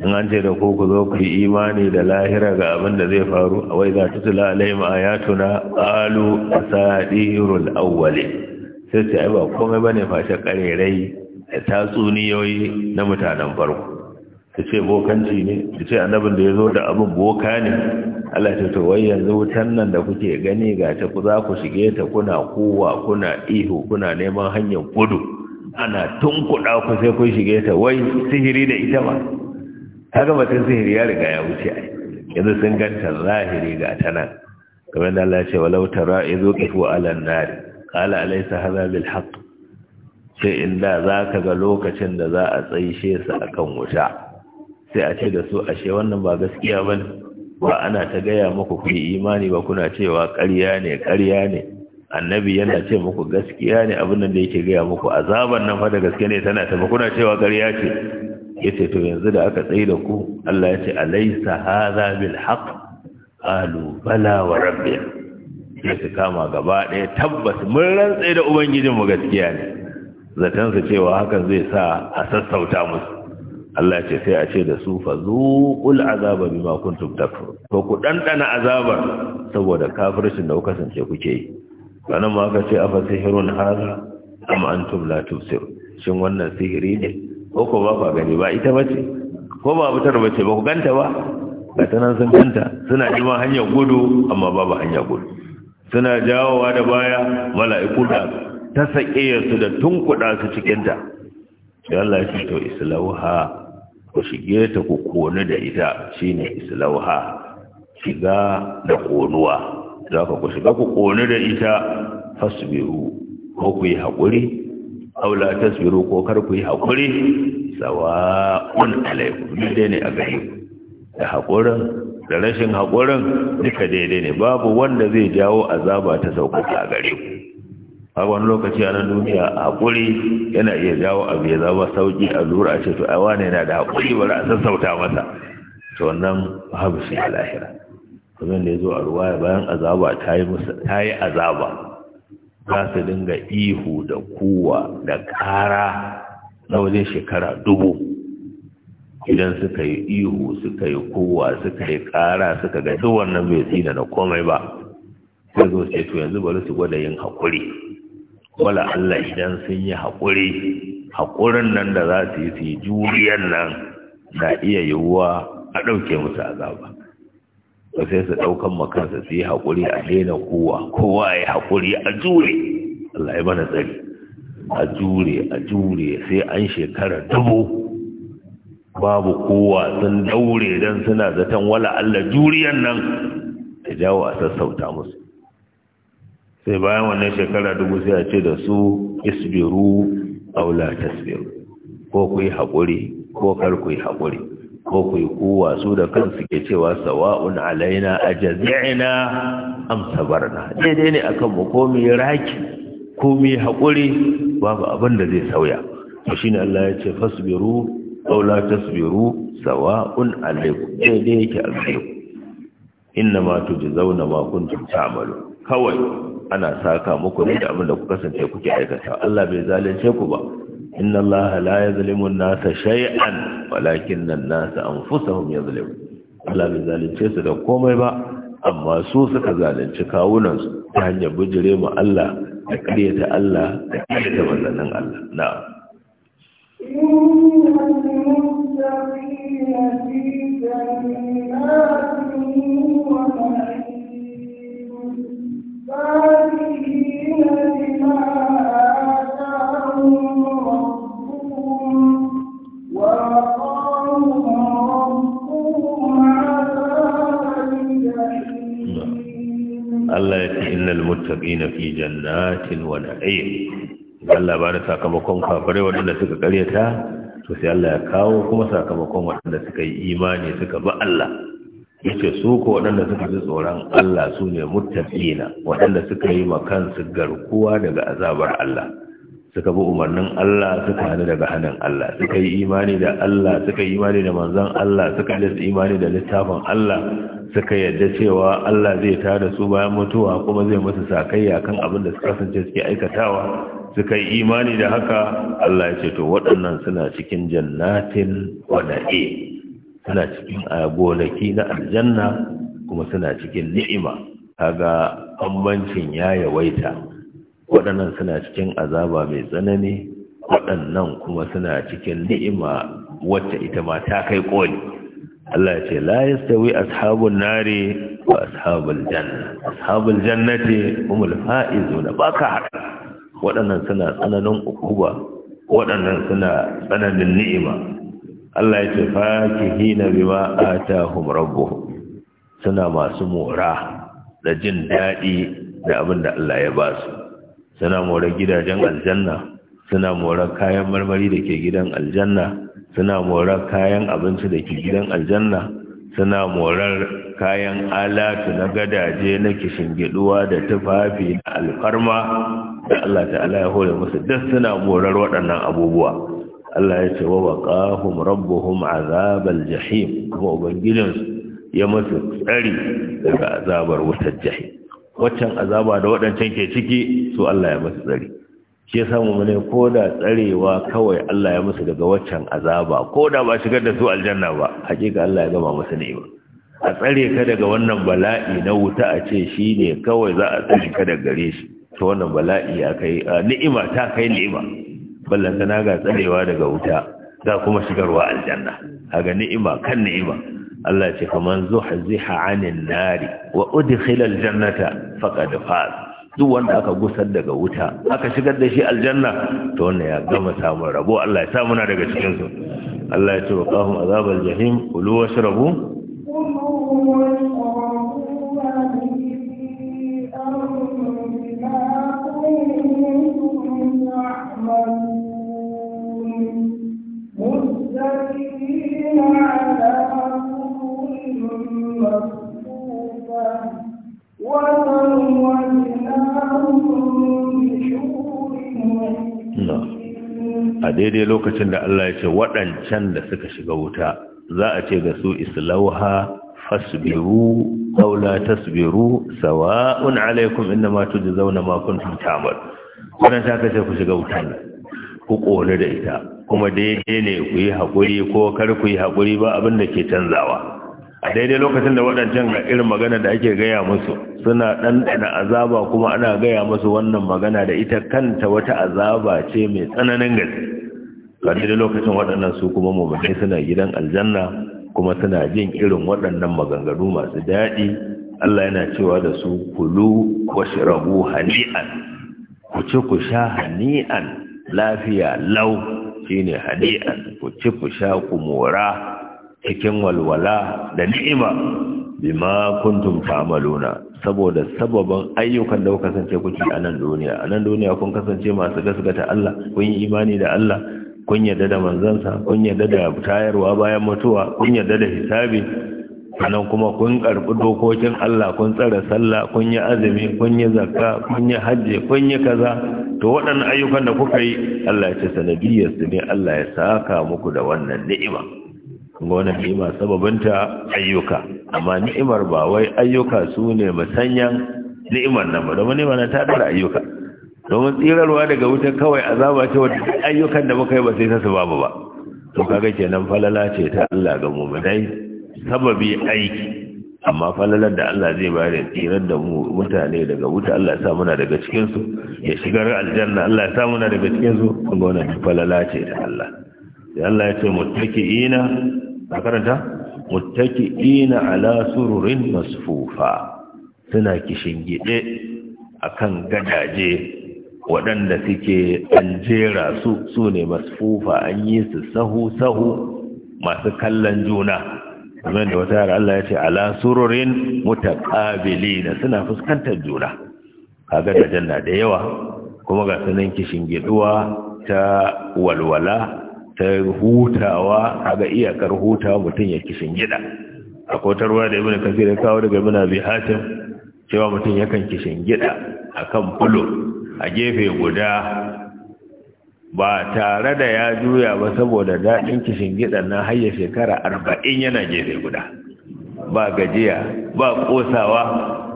in an ce da ku ku zo ku yi imani da lahira ga abin da zai faru a wai za ta tula alaihim ayatuna qalu asadirul awwali sai ta ba komai bane fashe karerai da tatsuniyoyi na mutanen farko ta ce bokanci ne ta ce annabin da ya zo da abin boka ne Allah ce to wai yanzu wutan nan da kuke gani ga ta ku za ku shige ta kuna kowa kuna ihu kuna neman hanyar gudu ana tunkuɗa ku sai kun shige ta wai sihiri da ita ba kaga batun sihiri ya riga ya wuce ai yanzu sun ganta zahiri ga ta nan kamar da Allah ce walau tara izu qifu ala nar qala alaysa hadha bil haqq sai inda zaka ga lokacin da za a tsaishe su akan wuta sai a ce da su ashe wannan ba gaskiya bane ba ana ta gaya muku ku imani ba kuna cewa ƙarya ne ƙarya ne annabi yana ce muku gaskiya ne abin da yake gaya muku azaban nan fa da gaske ne tana ta kuna cewa ƙarya ce yace to yanzu da aka tsaye da ku Allah ya ce alaysa hadha bil haqq qalu bala wa rabbi sai su kama gaba ɗaya tabbas mun rantsa da ubangijinmu gaskiya ne su cewa hakan zai sa a sassauta musu Allah ce sai a ce da su fa zuqul azaba bima kuntum takfur ko ku dandana azaba saboda kafircin da kuka sance kuke yi sanan ma aka ce afa sihirun hadha am antum la tusir shin wannan sihiri ne ko ko ba ba gani ba ita bace ko ba tar bace ba ku ganta ba gata nan sun ganta suna jima hanyar gudu amma babu hanyar gudu suna jawowa da baya mala'iku da ta sake su da tunkuɗa su cikinta ta Allah ya ce to islamu ha ku shige ta ku koni da ita shine islauha shiga da konuwa za ka ku shiga ku koni da ita fasbiru ko ku yi haƙuri aula tasbiru ko kar ku yi haƙuri sawa'un alaikum dai ne a gare da haƙurin da rashin haƙurin duka daidai ne babu wanda zai jawo azaba ta sauƙaƙa gare ku a wani lokaci a nan duniya haƙuri yana iya jawo abu ya zama sauki a lura a ce to ai wane yana da haƙuri bari a sassauta masa to wannan babu shi a lahira kuma da ya zo a ruwa bayan azaba ta yi azaba za su dinga ihu da kuwa da ƙara na wajen shekara dubu idan suka yi ihu suka yi kowa suka yi ƙara suka ga duk wannan bai tsina na komai ba sai zo ce to yanzu bari su gwada yin haƙuri wala Allah idan sun yi haƙuri haƙurin nan da za su yi su yi juriyan nan na iya yiwuwa a ɗauke musu azaba ba sai su ɗaukan makansa su yi haƙuri a daina kowa kowa ya haƙuri a jure Allah ya mana tsari a jure a jure sai an shekara dubu babu kowa sun daure don suna zaton wala Allah juriyan nan ta jawo a sassauta musu sai bayan wannan shekara dubu sai a ce da su isbiru aula tasbiru ko ku yi haƙuri ko kar ku yi haƙuri ko ku yi kuwa su da kansu ke cewa sawa'un alaina a jazi'ina am sabarna daidai ne akan mu ko mu yi raki ko mu yi haƙuri babu abin da zai sauya to shine Allah ya ce fasbiru aula tasbiru sawa'un alaikum daidai yake a gare ku inna ma tujzauna ma kuntum ta'malu kawai ana saka muku ne da abin da ku kasance kuke aikata Allah bai zalunce ku ba inna Allah la yazlimu an-nasa shay'an walakinna an-nasa anfusahum yazlimun Allah bai zalunce su da komai ba amma su suka zalunci kawunan su ta hanyar bijire mu Allah da ta Allah da ƙaryata manzannin Allah na'am إن المتقين في muttaqina fi jannatin wa na'im Allah ba da sakamakon kafirai waɗanda suka karyata to sai Allah ya kawo kuma sakamakon waɗanda suka yi imani suka bi Allah yace su ko waɗanda suka ji tsoron Allah su ne waɗanda suka yi makansu garkuwa daga azabar Allah suka bi umarnin Allah suka hana daga hannun Allah suka yi imani da Allah suka yi imani da manzon Allah suka yi imani da littafin Allah suka yadda cewa Allah zai tada su bayan mutuwa kuma zai musu sakayya kan abin da suka kasance suke aikatawa suka yi imani da haka Allah ya ce to waɗannan suna cikin jannatin wa na'im suna cikin ah, gonaki na aljanna kuma suna cikin ni'ima kaga bambancin ya yawaita waɗannan suna cikin azaba mai tsanani waɗannan kuma suna cikin ni'ima wacce ita ma ta kai koli Allah ce la yastawi ashabun nari wa ashabul janna ashabul jannati humul faizuna baka haka waɗannan suna tsananin ukuba waɗannan suna tsananin ni'ima Allah ya ce fakihina bima atahum rabbuhum suna masu mora da jin daɗi da abin da Allah ya ba su suna mora gidajen aljanna suna mora kayan marmari da ke gidan aljanna suna mora kayan abinci da ke gidan aljanna suna morar kayan alatu na gadaje na kishingiduwa da tufafi na alfarma da Allah ta'ala ya hore musu duk suna morar waɗannan abubuwa Allah ya ce wa waqahum rabbuhum azabal jahim kuma ubangijin ya musu tsari daga azabar wutar jahim waccan azaba da waɗancan ke ciki su Allah ya musu tsari shi yasa mu ne da tsarewa kawai Allah ya musu daga waccan azaba Ko da ba shigar da su aljanna ba hakika Allah ya gama musu ne a tsare ka daga wannan bala'i na wuta a ce shi ne kawai za a tsare ka daga gare shi to wannan bala'i ya kai ni'ima ta kai ni'ima ballantana ga tsarewa daga wuta za kuma shigarwa aljanna haga ni'ima kan ni'ima Allah ce faman zuhziha 'anil nari wa udkhila aljannata faqad faz duk wanda aka gusar daga wuta aka shigar da shi aljanna to wannan ya gama samun rabo Allah ya sa muna daga cikin su Allah ya ce wa qahum azabal jahim kulu washrabu a daidai lokacin da Allah ya ce waɗancan da suka shiga wuta za a ce da su islauha fasbiru aula tasbiru sawa'un alaikum innama tujzauna ma kuntum ta'mal wannan ta kace ku shiga ne, ku kore da ita kuma daidai ne ku yi hakuri ko kar ku yi hakuri ba abin da ke canzawa a daidai lokacin da waɗancan ga irin magana da ake gaya musu suna ɗanɗana azaba kuma ana gaya musu wannan magana da ita kanta wata azaba ce mai tsananin gaske a daidai lokacin waɗannan su kuma suna gidan aljanna kuma suna jin irin waɗannan maganganu masu daɗi Allah yana cewa da su kulu shirabu hani'an ku ci ku sha hani'an lafiya lau shine hani'an ku ci ku sha ku mora cikin walwala da ni'ima bima kuntum ta'maluna saboda sababan ayyukan da kuka kasance kuke a nan duniya a nan duniya kun kasance masu gaskata Allah kun yi imani da Allah kun yarda da manzansa kun yarda da tayarwa bayan mutuwa kun yarda da hisabi sannan kuma kun karbi dokokin Allah kun tsara sallah kun yi azumi kun yi zakka kun yi hajji kun yi kaza to waɗannan ayyukan da kuka yi Allah ya ce sanadiyar su ne Allah ya saka muku da wannan ni'ima kuma wannan ni'ima sababinta ayyuka amma ni'imar ba wai ayyuka su ne musanyan ni'imar nan ba domin ni'imar nan ta dara ayyuka domin tsirarwa daga wutar kawai azaba ce wata ayyukan da muka yi ba sai ta su babu ba to kaga kenan falala ce ta Allah ga mu'minai sababi aiki amma falalar da Allah zai bayar da tsirar da mu mutane daga wuta Allah ya sa muna daga cikin su ya shigar aljanna Allah ya sa muna daga cikin su kuma wannan falala ce ta Allah Allah ya ce muttaki'ina ba karanta ina ala sururin masfufa suna kishin gide akan gadaje waɗanda suke an jera su su ne masfufa an yi su sahu sahu masu kallon juna kamar da wata yara Allah ya ce ala sururin mutaqabilina suna fuskantar juna kaga da da yawa kuma ga sunan kishin giduwa ta walwala ta hutawa a ga iyakar hutawa mutum ya kishin gida a ta ruwa da ibina kasir kawo daga muna bi hatim cewa mutum yakan kishin gida a kan fulo a gefe guda ba tare da ya juya ba saboda daɗin kishin gida na hayya shekara arba'in yana gefe guda ba gajiya ba kosawa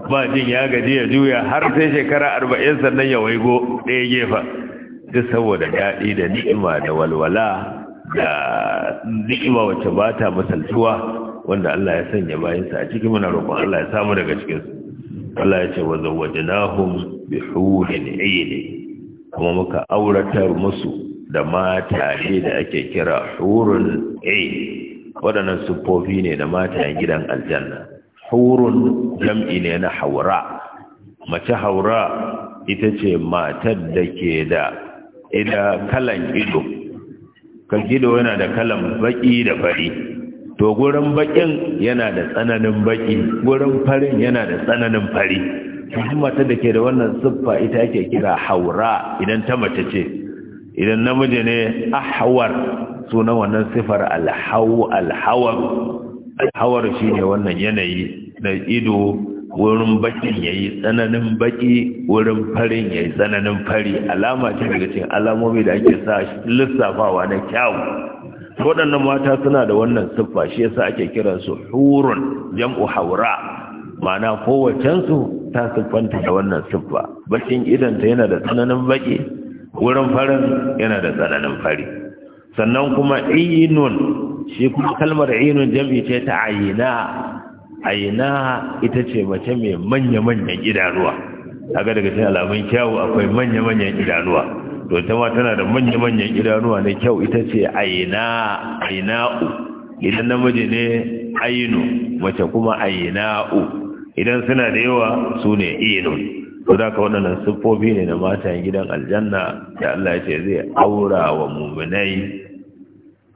ba jin ya gajiya juya har sai shekara arba'in sannan ya waigo ɗaya gefa duk saboda daɗi da ni'ima da walwala da ni'ima wacce ba ta misaltuwa wanda Allah ya sanya bayansa a cikin muna roƙon Allah ya samu daga cikinsu Allah ya ce wa zawwajnahum bi hulin ayn kuma muka auratar musu da ne da ake kira hurun ayn waɗannan siffofi ne da matayen gidan aljanna hurun jam'i ne na haura mace haura ita ce matar da ke da ila kalan ido kan ido yana da kalan baki da fari to gurin bakin yana da tsananin baki gurin farin yana da tsananin fari muhammata da ke da wannan siffa ita ake kira haura idan ta mace ce idan namiji ne ahwar sunan wannan siffar alhawu alhawar alhawar shine wannan yanayi na ido wurin bakin ya yi tsananin baki wurin farin ya yi tsananin fari alama ce daga cikin alamomi da ake sa lissafawa na kyau. waɗannan mata suna da wannan siffa shi yasa ake kiransu hurun jam'u haura mana kowacensu ta siffanta da wannan siffa bakin idanta yana da tsananin baki wurin farin yana da tsananin fari sannan kuma inun shi kuma kalmar inun jam'i ce ta ayina aina ita ce mace mai manya-manyan idanuwa kaga daga cikin alamun kyau akwai manya-manyan idanuwa to ita ma tana da manya-manyan idanuwa na kyau ita ce aina aina'u idan namiji ne ainu mace kuma aina'u idan suna da yawa su ne inun to da ka waɗannan siffofi ne na matan gidan aljanna da Allah ya ce zai aura wa muminai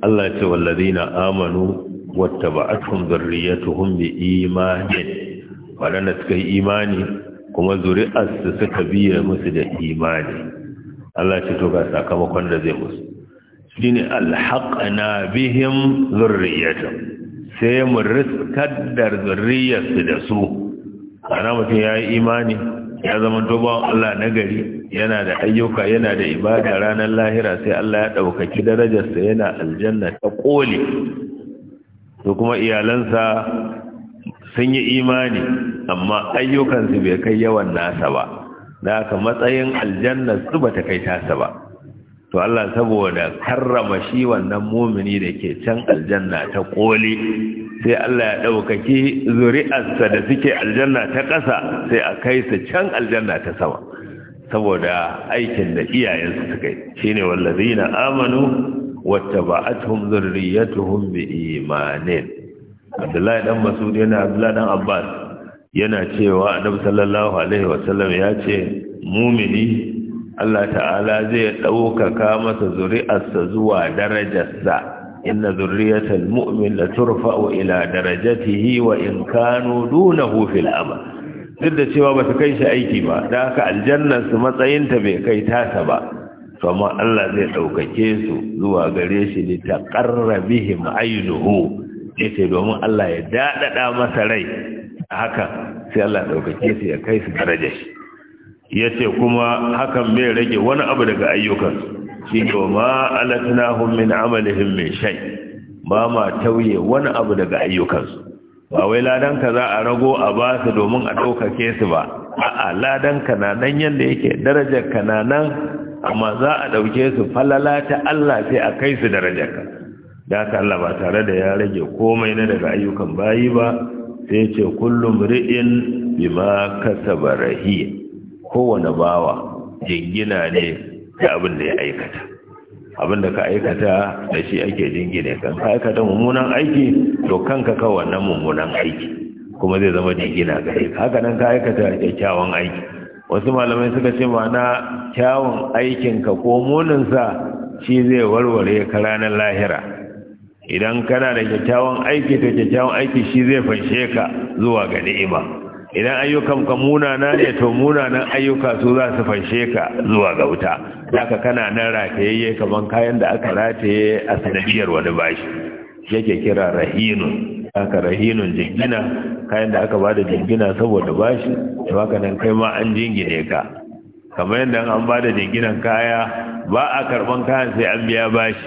Allah ya ce wallazina amanu wattaba'atuhum dhurriyyatuhum biimanin wadanda suka yi imani kuma zuri'ar su suka biya musu da imani Allah ce to ga sakamakon da zai musu shine alhaqna bihim dhurriyyatuhum sai mu riskar da zuriyarsu da su ana mutum ya yi imani ya zama tobon Allah na gari yana da ayyuka yana da ibada ranar lahira sai Allah ya ɗaukaki darajarsa yana aljanna ta ƙoli to kuma iyalansa sun yi imani amma ayyukansu bai kai yawan nasa ba da aka matsayin aljanna su ba ta kai tasa ba to Allah saboda karrama shi wannan mumini da ke can aljanna ta ƙoli sai Allah ya ɗaukaki zuri'arsa da suke aljanna ta ƙasa sai a kai su can aljanna ta sama saboda aikin da iyayensu suka yi shine na amanu ba a wattaba'atuhum zurriyyatuhum imanin? Abdullahi dan Mas'ud yana Abdullahi dan Abbas yana cewa Annabi sallallahu alaihi wasallam ya ce mumini Allah ta'ala zai ɗaukaka masa zuri'arsa zuwa darajarsa إن ذرية المؤمن لترفع إلى درجته وإن كانوا دونه في الأمر duk da cewa ba ta kai shi aiki ba da haka aljannar su matsayin ta bai kai tasa ba to amma Allah zai ɗaukake su zuwa gare shi ne ta aynuhu yace domin Allah ya daɗaɗa masa rai haka sai Allah ɗaukake su ya kai su darajar shi yace kuma hakan bai rage wani abu daga ayyukansu shi ne wa ma'alatunahun min amalihim mai shai ba ma tauye wani abu daga ayyukansu ba wai ladanka za a rago a ba su domin a ɗaukake su ba a'a ladanka na nan yadda yake ka na nan amma za a ɗauke su falala ta Allah sai a kai su darajarka da ka Allah ba tare da ya rage komai na daga ayyukan bayi ba sai ce kullum ri'in bima kasaba kowane bawa jingina ne da abin da ya aikata abin da ka aikata da shi ake jingine kan ka aikata mummunan aiki to kanka ka wannan mummunan aiki kuma zai zama jingina ga ka haka nan ka aikata kyakkyawan aiki wasu malamai suka ce ma'ana kyawun aikinka ko muninsa shi zai warware ka ranar lahira idan kana da kyakkyawan aiki to kyakkyawan aiki shi zai fanshe ka zuwa ga ni'ima idan ayyukan ka munana ne to munanan ayyuka su za su fanshe ka zuwa ga wuta haka kana nan ratayayye kaman kayan da aka rataye a sanadiyar wani bashi yake kira rahinun aka rahinun jingina kayan da aka bada jingina saboda bashi to haka nan kai ma an jingine ka kamar yadda an bada jinginan kaya ba a karban kayan sai an biya bashi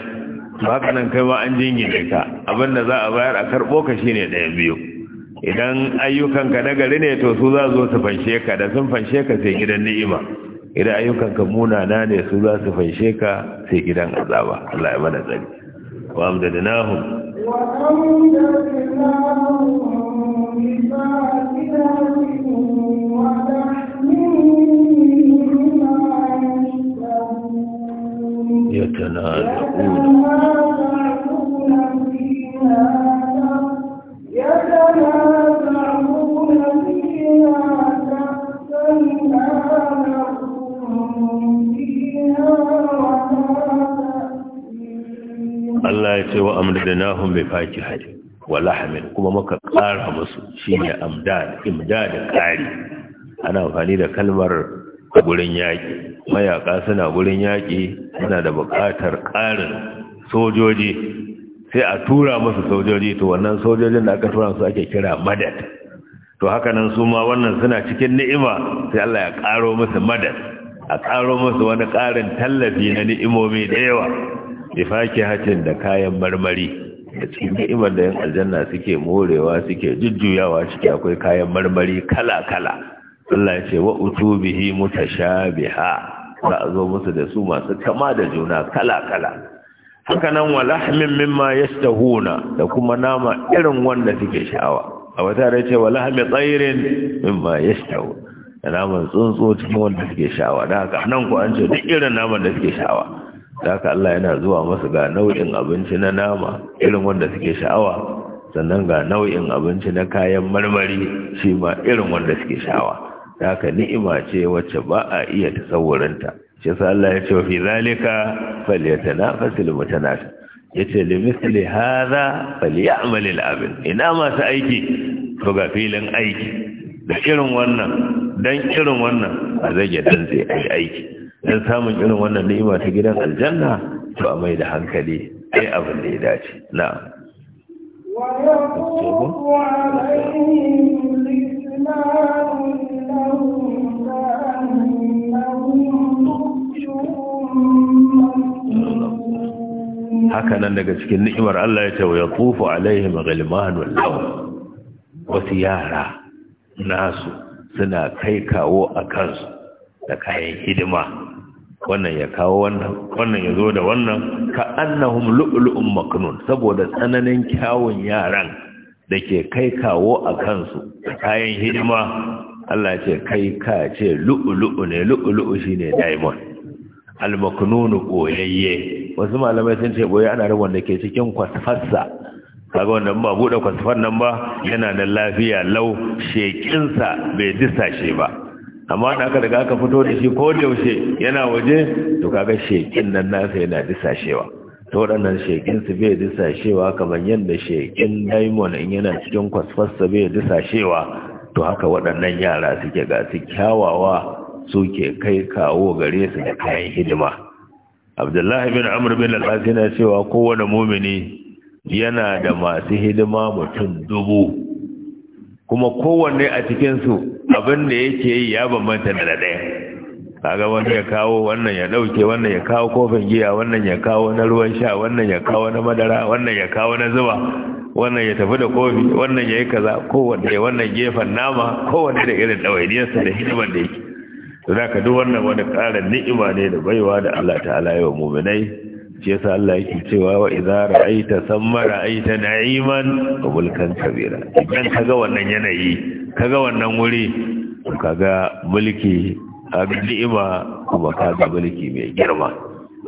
to haka nan kai ma an jingine ka abinda za a bayar a karbo ka shine ɗayan biyu idan ayyukanka na gari ne to su za zo su fanshe ka da sun fanshe ka sai gidan ni'ima idan ayyukanka munana ne su za su fanshe ka sai gidan azaba Allah ya mana tsari wa amdadnahum wa amdadnahum bi wa Allah ya ce wa amdadanahum bi fakihati wa lahamin kuma muka ƙara musu shine amda da ƙari ana amfani da kalmar gurin yaki mayaka suna gurin yaƙi suna da buƙatar ƙarin sojoji sai a tura masu sojoji to wannan sojojin da aka tura su ake kira madad to haka nan su ma wannan suna cikin ni'ima sai Allah ya karo musu madad a karo musu wani karin tallafi na ni'imomi da yawa ifaki hatin da kayan marmari da cikin ni'imar da yan aljanna suke morewa suke jujjuyawa ciki akwai kayan marmari kala-kala Allah ya ce wa utubihi mutashabiha za a zo musu da su masu kama da juna kala-kala haka nan walahmin mimma yastahuna da kuma nama irin wanda suke sha'awa a wata da ce walahmin tsairin mimma yastahu da naman tsuntsu cikin wanda suke sha'awa da haka nan ku an ce duk irin naman da suke sha'awa da haka Allah yana zuwa masu ga nau'in abinci na nama irin wanda suke sha'awa sannan ga nau'in abinci na kayan marmari shi ma irin wanda suke sha'awa da haka ni'ima ce wacce ba a iya tasawurinta shi yasa Allah ya ce fi zalika falyatanafasul mutanafis yace li misli hadha falyamal al-amil ina masu aiki to ga filin aiki da irin wannan dan irin wannan a zage dan sai ai aiki dan samun irin wannan ni'ima ta gidan aljanna to a mai da hankali ai abin da ya dace na'am ويقول عليهم الإسلام لهم haka nan daga cikin ni'imar Allah ya ce wa yaqufu alaihim wal lahum wasu yara nasu suna kai kawo a kansu da kayan hidima wannan ya kawo wannan wannan ya zo da wannan ka annahum lu'lu'un maknun saboda tsananin kyawun yaran da ke kai kawo a kansu da kayan hidima Allah ce kai ka ce lu'lu'u ne lu'lu'u shine diamond al ɓoyayye. koyayye wasu malamai sun ce boye ana rabon da ke cikin kwasfarsa kaga wannan ba buɗe kwasfar nan ba yana da lafiya lau shekinsa bai disashe ba amma da aka daga aka fito da shi ko da yaushe yana waje to kaga shekin nan nasa yana disashewa To wadannan shekin su bai disashewa kamar yadda shekin diamond in yana cikin kwasfarsa bai disashewa to haka waɗannan yara suke ga su kyawawa suke kai kawo gare su da kayan hidima abdullahi bin amr bin al yana cewa kowane mumini yana da masu hidima mutum dubu kuma kowanne a cikinsu abin da yake yi ya bambanta da ɗaya kaga wani ya kawo wannan ya ɗauke wannan ya kawo kofin giya wannan ya kawo na ruwan sha wannan ya kawo na madara wannan ya kawo na zuba wannan ya tafi da kofi wannan ya yi kaza kowanne wannan gefen nama kowanne da irin ɗawainiyarsa da hidimar da yake Zaka ka duk wannan wani ƙarin ni'ima ne da baiwa da Allah ta'ala yi wa muminai shi yasa Allah yake cewa wa idza ra'aita samma yi na'iman wa mulkan kabira idan kaga wannan yanayi kaga wannan wuri kaga mulki a ni'ima kuma kaga mulki mai girma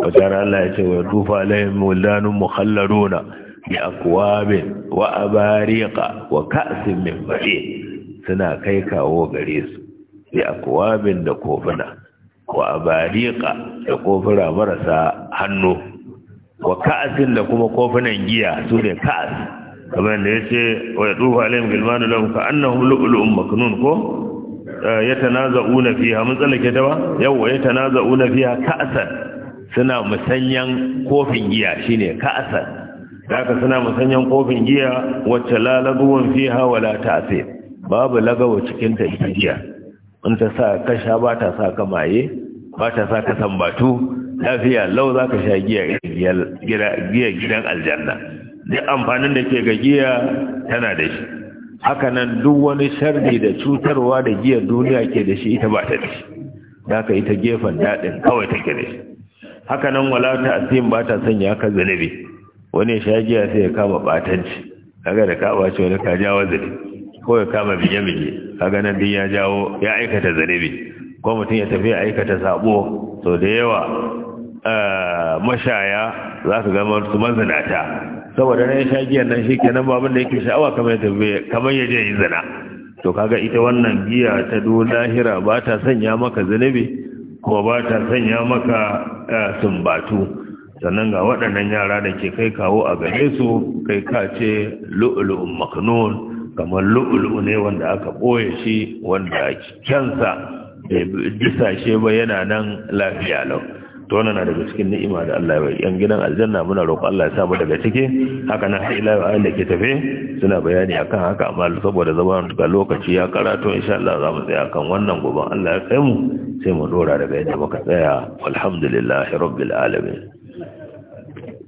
wata Allah ya ce wa tufa alaihim muldanun mukhalladuna bi akwabin wa abariqa wa ka'sin min ma'in suna kai kawo gare su bi akwabin da kofuna wa abariqa da kofura marasa hannu wa ka'asin da kuma kofunan giya su ne ka'as kamar da yace wa yadufu alaihim gilmanu lahum ka annahum lu'lu'un maknun ko eh, yatanaza'una fiha mun tsallake ta ba yawa yatanaza'una fiha ka'asan suna musanyan kofin giya shine ka'asan daga suna musanyan kofin giya wacce lalabuwan fiha wala ta'sir babu lagawa cikin ta giya in ta sa ka sha ba ta sa ka maye ba ta sa ka sambatu lafiya lau za ka sha giya gidan aljanna duk amfanin da ke ga giya tana da shi Haka nan, duk wani sharri da cutarwa da giyar duniya ke da shi ita ba ta da shi da ka ita gefen daɗin kawai take da shi Haka nan, wala ta asim ba ta sanya ka zunubi wani ya sha giya sai ya kama batanci. daga da ka ce wani ka ja ko ya kama bije-bije kaga na biyu ya jawo ya aikata zanibi ko mutum ya tafi ya aikata sabo so da yawa eh, mashaya za su gama su manzanata saboda na sha giyan nan shi ke nan babin da yake sha'awa kamar ya tafi ya je yi zina to kaga ita wannan giya ta du lahira ba ta sanya maka zanibi ko ba ta sanya maka eh, sumbatu sannan ga waɗannan yara da ke kai kawo a gare su kai ka ce lu'ulu'un maknun kamar lu'ulu ne wanda aka ɓoye shi wanda kyansa da shi ba yana nan lafiya lau to na daga cikin ni'ima da Allah ya yan gidan aljanna muna roƙon Allah ya sa mu daga ciki haka nan ila wa da ke tafe suna bayani akan haka amma saboda zaman ga lokaci ya karato insha Allah za mu tsaya kan wannan gobe Allah ya kai mu sai mu dora daga yadda muka tsaya alhamdulillahi rabbil alamin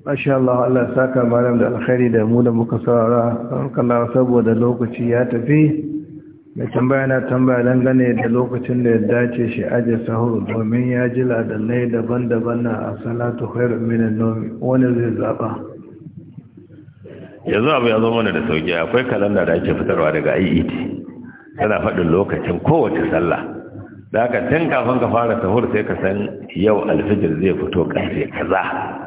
Masha Allah Allah saka malam da alkhairi da mu da muka saurara kana saboda lokaci ya tafi da tambaya na tambaya dangane da lokacin da ya dace shi aje sahur domin ya ji ladannai daban-daban na a salatu khairun minan nawm wani zai zaba yanzu abu ya zo mana da sauki akwai kalanda da ake fitarwa daga IET kana fadin lokacin kowace sallah da haka tun kafin ka fara sahur sai ka san yau alfijir zai fito ƙarfe kaza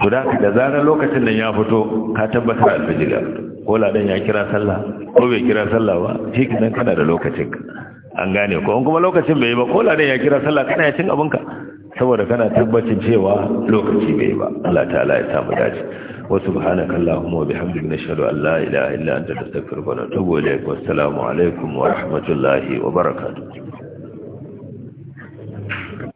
Guda da da zarar lokacin nan ya fito ka tabbatar alfajir ya fito ko ladan ya kira sallah ko bai kira sallah ba shi kidan kana da lokacin an gane ko kuma lokacin bai ba ko ladan ya kira sallah kana ya cin abinka saboda kana tabbacin cewa lokaci bai ba Allah ta'ala ya samu dace wa subhanaka allahumma wa bihamdika nashhadu an la ilaha illa anta astaghfiruka wa atubu ilayk wa assalamu alaikum wa rahmatullahi wa barakatuh